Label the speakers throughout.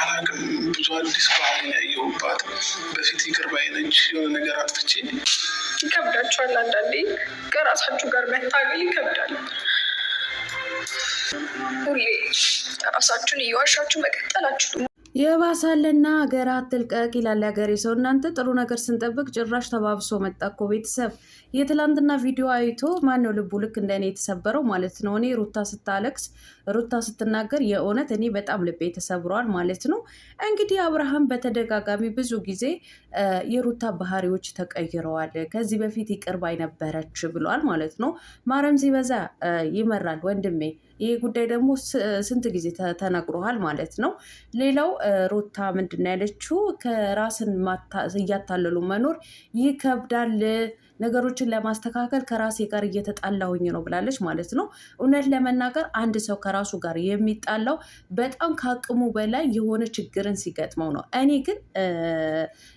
Speaker 1: አላቅም ብዙ አዲስ ባህል ያየሁባት። በፊት ይቅር ባይ የሆነ ነገር አጥፍቼ
Speaker 2: ይከብዳችኋል። አንዳንዴ ከራሳችሁ ጋር መታገል ይከብዳል። ሁሌ ራሳችሁን እየዋሻችሁ መቀጠላችሁ
Speaker 3: የባሳለና ሀገር አትልቀቅ ይላል ሀገሬ ሰው። እናንተ ጥሩ ነገር ስንጠብቅ ጭራሽ ተባብሶ መጣ እኮ ቤተሰብ። የትላንትና ቪዲዮ አይቶ ማነው ልቡ ልክ እንደኔ የተሰበረው ማለት ነው። እኔ ሩታ ስታለቅስ፣ ሩታ ስትናገር የእውነት እኔ በጣም ልቤ ተሰብሯል ማለት ነው። እንግዲህ አብርሃም በተደጋጋሚ ብዙ ጊዜ የሩታ ባህሪዎች ተቀይረዋል፣ ከዚህ በፊት ይቅርብ አይነበረች ብሏል ማለት ነው። ማረም ሲበዛ ይመራል ወንድሜ ይህ ጉዳይ ደግሞ ስንት ጊዜ ተነግሮሃል ማለት ነው። ሌላው ሮታ ምንድን ያለችው ከራስን እያታለሉ መኖር ይከብዳል ነገሮችን ለማስተካከል ከራሴ ጋር እየተጣላሁኝ ነው ብላለች ማለት ነው። እውነት ለመናገር አንድ ሰው ከራሱ ጋር የሚጣላው በጣም ከአቅሙ በላይ የሆነ ችግርን ሲገጥመው ነው። እኔ ግን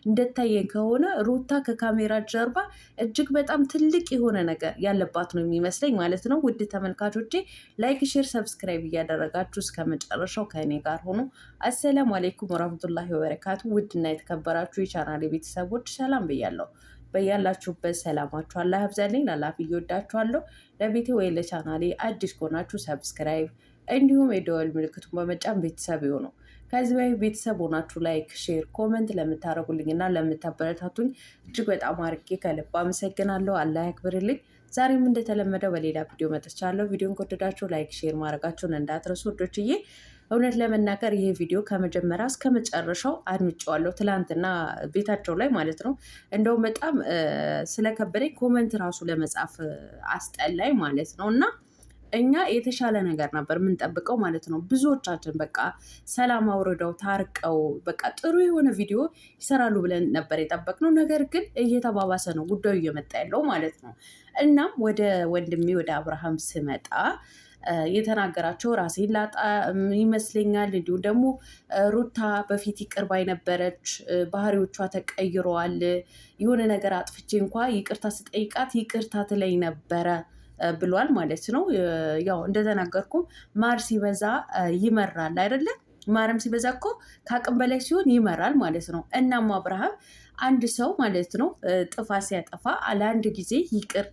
Speaker 3: እንደታየን ከሆነ ሩታ ከካሜራ ጀርባ እጅግ በጣም ትልቅ የሆነ ነገር ያለባት ነው የሚመስለኝ ማለት ነው። ውድ ተመልካቾቼ ላይክ ሼር፣ ሰብስክራይብ እያደረጋችሁ እስከ መጨረሻው ከእኔ ጋር ሆኖ አሰላሙ አሌይኩም ወራህመቱላሂ ወበረካቱ። ውድና የተከበራችሁ የቻናል ቤተሰቦች ሰላም ብያለሁ። በያላችሁበት ሰላማችሁ አላህ ያብዛልኝ። ላላፍ እየወዳችኋለሁ። ለቤቴ ወይ ለቻናሌ አዲስ ከሆናችሁ ሰብስክራይብ እንዲሁም የደወል ምልክቱን በመጫን ቤተሰብ ይሁኑ። ከዚህ በፊት ቤተሰብ ሆናችሁ ላይክ፣ ሼር፣ ኮመንት ለምታደረጉልኝ እና ለምታበረታቱኝ እጅግ በጣም አርጌ ከልብ አመሰግናለሁ። አላህ ያክብርልኝ። ዛሬም እንደተለመደው በሌላ ቪዲዮ መጥቻለሁ። ቪዲዮን ከወደዳችሁ ላይክ፣ ሼር ማድረጋችሁን እንዳትረሱ ወዶችዬ። እውነት ለመናገር ይሄ ቪዲዮ ከመጀመሪያ እስከ መጨረሻው አድምጬዋለሁ። ትላንትና ቤታቸው ላይ ማለት ነው። እንደውም በጣም ስለከበደኝ ኮመንት ራሱ ለመጻፍ አስጠላኝ ማለት ነው እና እኛ የተሻለ ነገር ነበር የምንጠብቀው ማለት ነው። ብዙዎቻችን በቃ ሰላም አውርደው ታርቀው በቃ ጥሩ የሆነ ቪዲዮ ይሰራሉ ብለን ነበር የጠበቅነው። ነገር ግን እየተባባሰ ነው ጉዳዩ እየመጣ ያለው ማለት ነው። እናም ወደ ወንድሜ ወደ አብርሃም ስመጣ የተናገራቸው ራሴ ላጣ ይመስለኛል። እንዲሁም ደግሞ ሩታ በፊት ይቅር ባይ ነበረች፣ ባህሪዎቿ ተቀይረዋል። የሆነ ነገር አጥፍቼ እንኳ ይቅርታ ስጠይቃት ይቅርታ ትለኝ ነበረ ብሏል ማለት ነው። ያው እንደተናገርኩም ማር ሲበዛ ይመራል አይደለ? ማርም ሲበዛ እኮ ከአቅም በላይ ሲሆን ይመራል ማለት ነው። እናም አብርሃም አንድ ሰው ማለት ነው ጥፋ ሲያጠፋ ለአንድ ጊዜ ይቅር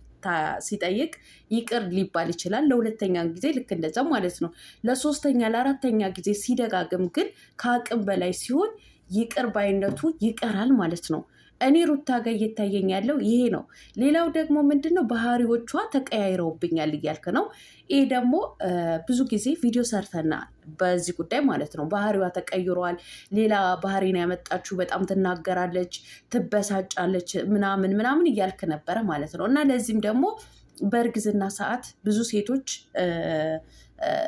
Speaker 3: ሲጠይቅ ይቅር ሊባል ይችላል። ለሁለተኛ ጊዜ ልክ እንደዛ ማለት ነው። ለሶስተኛ ለአራተኛ ጊዜ ሲደጋግም ግን ከአቅም በላይ ሲሆን ይቅር ባይነቱ ይቀራል ማለት ነው። እኔ ሩታ ጋር እየታየኝ ያለው ይሄ ነው። ሌላው ደግሞ ምንድን ነው ባህሪዎቿ ተቀያይረውብኛል እያልክ ነው። ይህ ደግሞ ብዙ ጊዜ ቪዲዮ ሰርተናል በዚህ ጉዳይ ማለት ነው። ባህሪዋ ተቀይሯል። ሌላ ባህሪ ነው ያመጣችሁ። በጣም ትናገራለች፣ ትበሳጫለች፣ ምናምን ምናምን እያልክ ነበረ ማለት ነው እና ለዚህም ደግሞ በእርግዝና ሰዓት ብዙ ሴቶች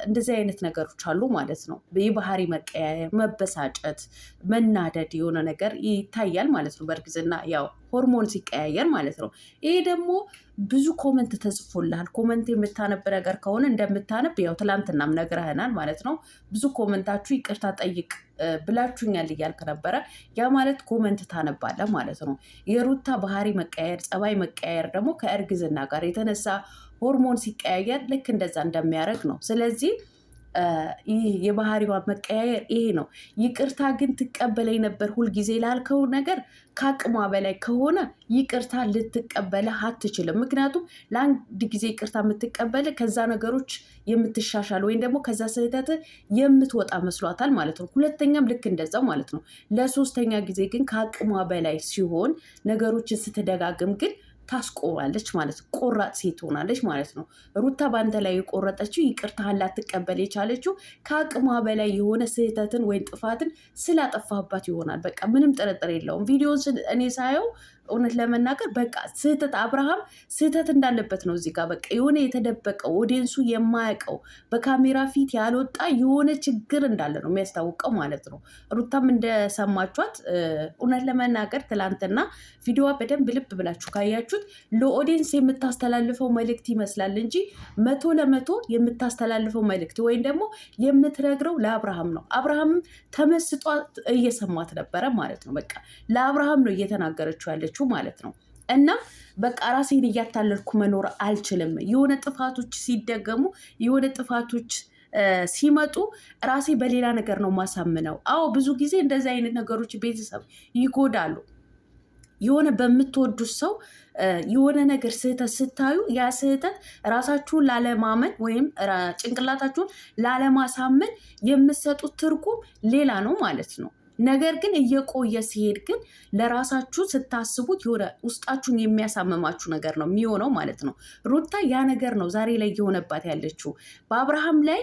Speaker 3: እንደዚህ አይነት ነገሮች አሉ ማለት ነው። የባህሪ መቀያየር፣ መበሳጨት፣ መናደድ የሆነ ነገር ይታያል ማለት ነው። በእርግዝና ያው ሆርሞን ሲቀያየር ማለት ነው። ይሄ ደግሞ ብዙ ኮመንት ተጽፎልሃል። ኮመንት የምታነብ ነገር ከሆነ እንደምታነብ ያው ትላንትናም ነግረህናል ማለት ነው። ብዙ ኮመንታችሁ ይቅርታ ጠይቅ ብላችሁኛል እያልክ ነበረ። ያ ማለት ኮመንት ታነባለ ማለት ነው። የሩታ ባህሪ መቀየር፣ ጸባይ መቀየር ደግሞ ከእርግዝና ጋር የተነሳ ሆርሞን ሲቀያየር ልክ እንደዛ እንደሚያደርግ ነው። ስለዚህ ይህ የባህሪዋ መቀያየር ይሄ ነው። ይቅርታ ግን ትቀበለኝ ነበር ሁልጊዜ ላልከው ነገር ከአቅሟ በላይ ከሆነ ይቅርታ ልትቀበለ አትችልም። ምክንያቱም ለአንድ ጊዜ ይቅርታ የምትቀበል ከዛ ነገሮች የምትሻሻል ወይም ደግሞ ከዛ ስህተት የምትወጣ መስሏታል ማለት ነው። ሁለተኛም ልክ እንደዛው ማለት ነው። ለሶስተኛ ጊዜ ግን ከአቅሟ በላይ ሲሆን ነገሮችን ስትደጋግም ግን ታስቆማለች ማለት ነው። ቆራጥ ሴት ትሆናለች ማለት ነው። ሩታ በአንተ ላይ የቆረጠችው ይቅርታህን ላትቀበል የቻለችው ከአቅሟ በላይ የሆነ ስህተትን ወይም ጥፋትን ስላጠፋባት ይሆናል። በቃ ምንም ጥርጥር የለውም። ቪዲዮን እኔ ሳየው እውነት ለመናገር በቃ ስህተት አብርሃም ስህተት እንዳለበት ነው እዚህ ጋር በቃ የሆነ የተደበቀው ኦዲየንሱ የማያውቀው በካሜራ ፊት ያልወጣ የሆነ ችግር እንዳለ ነው የሚያስታውቀው ማለት ነው። ሩታም እንደሰማችኋት እውነት ለመናገር ትላንትና ቪዲዮዋ በደንብ ልብ ብላችሁ ካያችሁት ለኦዲየንስ የምታስተላልፈው መልእክት ይመስላል እንጂ መቶ ለመቶ የምታስተላልፈው መልእክት ወይም ደግሞ የምትነግረው ለአብርሃም ነው። አብርሃም ተመስጧ እየሰማት ነበረ ማለት ነው። በቃ ለአብርሃም ነው እየተናገረችው ያለችው ያለችው ማለት ነው። እና በቃ ራሴን እያታለልኩ መኖር አልችልም። የሆነ ጥፋቶች ሲደገሙ የሆነ ጥፋቶች ሲመጡ ራሴ በሌላ ነገር ነው ማሳምነው። አዎ ብዙ ጊዜ እንደዚህ አይነት ነገሮች ቤተሰብ ይጎዳሉ። የሆነ በምትወዱት ሰው የሆነ ነገር ስህተት ስታዩ ያ ስህተት ራሳችሁን ላለማመን ወይም ጭንቅላታችሁን ላለማሳመን የምትሰጡት ትርጉም ሌላ ነው ማለት ነው። ነገር ግን እየቆየ ሲሄድ ግን ለራሳችሁ ስታስቡት የሆነ ውስጣችሁን የሚያሳምማችሁ ነገር ነው የሚሆነው ማለት ነው። ሩታ ያ ነገር ነው ዛሬ ላይ እየሆነባት ያለችው በአብርሃም ላይ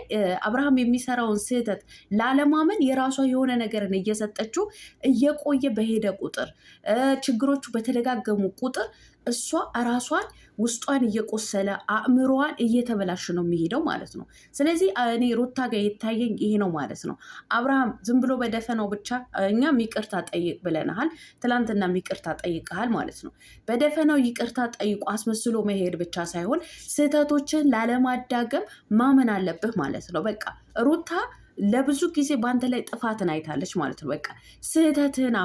Speaker 3: አብርሃም የሚሰራውን ስህተት ላለማመን የራሷ የሆነ ነገርን እየሰጠችው እየቆየ በሄደ ቁጥር ችግሮቹ በተደጋገሙ ቁጥር እሷ ራሷን ውስጧን እየቆሰለ አእምሮዋን እየተበላሽ ነው የሚሄደው ማለት ነው። ስለዚህ እኔ ሩታ ጋር የታየኝ ይሄ ነው ማለት ነው። አብርሃም ዝም ብሎ በደፈናው ብቻ እኛም ይቅርታ ጠይቅ ብለናሃል፣ ትላንትና ይቅርታ ጠይቀሃል ማለት ነው። በደፈናው ይቅርታ ጠይቆ አስመስሎ መሄድ ብቻ ሳይሆን ስህተቶችን ላለማዳገም ማመን አለብህ ማለት ነው። በቃ ሩታ ለብዙ ጊዜ በአንተ ላይ ጥፋትን አይታለች ማለት ነው። በቃ ስህተትህን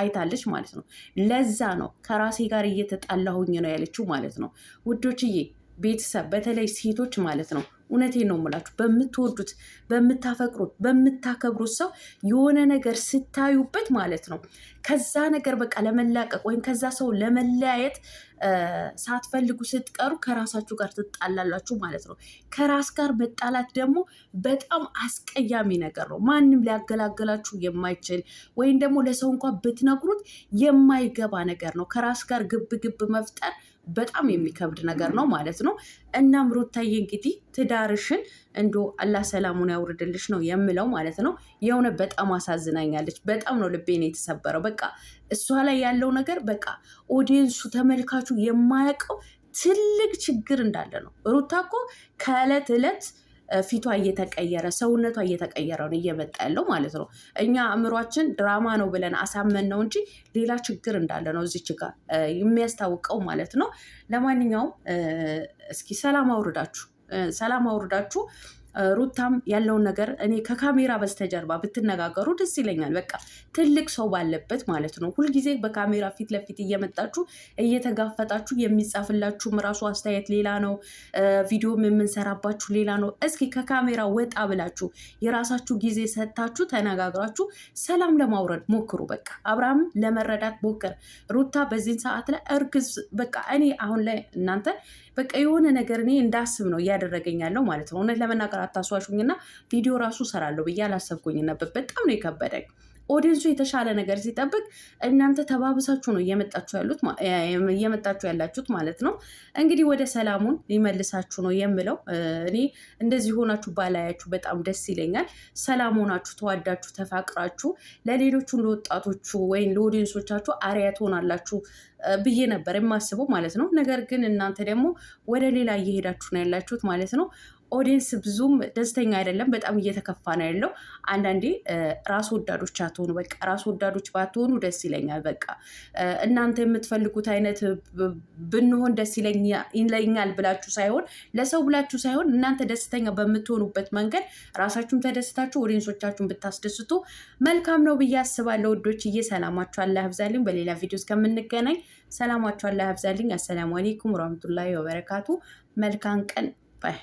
Speaker 3: አይታለች ማለት ነው። ለዛ ነው ከራሴ ጋር እየተጣላሁኝ ነው ያለችው ማለት ነው። ውዶችዬ ቤተሰብ፣ በተለይ ሴቶች ማለት ነው እውነቴን ነው የምላችሁ። በምትወዱት በምታፈቅሩት በምታከብሩት ሰው የሆነ ነገር ስታዩበት ማለት ነው ከዛ ነገር በቃ ለመላቀቅ ወይም ከዛ ሰው ለመለያየት ሳትፈልጉ ስትቀሩ ከራሳችሁ ጋር ትጣላላችሁ ማለት ነው። ከራስ ጋር መጣላት ደግሞ በጣም አስቀያሚ ነገር ነው። ማንም ሊያገላገላችሁ የማይችል ወይም ደግሞ ለሰው እንኳን ብትነግሩት የማይገባ ነገር ነው። ከራስ ጋር ግብ ግብ መፍጠር በጣም የሚከብድ ነገር ነው ማለት ነው። እናም ሩታዬ እንግዲህ ትዳርሽን እንዶ አላህ ሰላሙን ያውርድልሽ ነው የምለው ማለት ነው። የሆነ በጣም አሳዝናኛለች። በጣም ነው ልቤን የተሰበረው። በቃ እሷ ላይ ያለው ነገር በቃ ኦዲየንሱ ተመልካቹ የማያውቀው ትልቅ ችግር እንዳለ ነው። ሩታ እኮ ከእለት ዕለት ፊቷ እየተቀየረ ሰውነቷ እየተቀየረ ነው እየመጣ ያለው ማለት ነው። እኛ አእምሯችን ድራማ ነው ብለን አሳመን ነው እንጂ ሌላ ችግር እንዳለ ነው እዚች ጋር የሚያስታውቀው ማለት ነው። ለማንኛውም እስኪ ሰላም አውርዳችሁ ሰላም አውርዳችሁ ሩታም ያለውን ነገር እኔ ከካሜራ በስተጀርባ ብትነጋገሩ ደስ ይለኛል። በቃ ትልቅ ሰው ባለበት ማለት ነው። ሁልጊዜ በካሜራ ፊት ለፊት እየመጣችሁ እየተጋፈጣችሁ የሚጻፍላችሁም ራሱ አስተያየት ሌላ ነው፣ ቪዲዮም የምንሰራባችሁ ሌላ ነው። እስኪ ከካሜራ ወጣ ብላችሁ የራሳችሁ ጊዜ ሰጥታችሁ ተነጋግራችሁ ሰላም ለማውረድ ሞክሩ። በቃ አብርሃም ለመረዳት ሞክር። ሩታ በዚህን ሰዓት ላይ እርግዝ በቃ እኔ አሁን ላይ እናንተ በቃ የሆነ ነገር እኔ እንዳስብ ነው እያደረገኛለው ማለት ነው እውነት ለመናገር አታስዋሹኝ ቪዲዮ ራሱ ሰራለሁ ብዬ አላሰብኩኝ ነበር። በጣም ነው የከበደኝ። ኦዲንሱ የተሻለ ነገር ሲጠብቅ እናንተ ተባብሳችሁ ነው እየመጣችሁ ያላችሁት ማለት ነው። እንግዲህ ወደ ሰላሙን ሊመልሳችሁ ነው የምለው። እኔ እንደዚህ ሆናችሁ ባላያችሁ በጣም ደስ ይለኛል። ሰላም ሆናችሁ ተዋዳችሁ ተፋቅራችሁ ለሌሎቹ ለወጣቶቹ ወይም ለኦዲንሶቻችሁ አርያ ትሆናላችሁ ብዬ ነበር የማስበው ማለት ነው። ነገር ግን እናንተ ደግሞ ወደ ሌላ እየሄዳችሁ ነው ያላችሁት ማለት ነው። ኦዲየንስ ብዙም ደስተኛ አይደለም። በጣም እየተከፋ ነው ያለው። አንዳንዴ ራስ ወዳዶች አትሆኑ። በቃ ራስ ወዳዶች ባትሆኑ ደስ ይለኛል። በቃ እናንተ የምትፈልጉት አይነት ብንሆን ደስ ይለኛል ብላችሁ ሳይሆን ለሰው ብላችሁ ሳይሆን እናንተ ደስተኛ በምትሆኑበት መንገድ ራሳችሁም ተደስታችሁ ኦዲየንሶቻችሁን ብታስደስቱ መልካም ነው ብዬ አስባለሁ። ወዶች እየሰላማችሁ አላህ ብዛልኝ። በሌላ ቪዲዮ እስከምንገናኝ ሰላማችኋን ላይ ያብዛልኝ። አሰላሙ አሌይኩም ወራህመቱላሂ ወበረካቱ። መልካም ቀን ባይ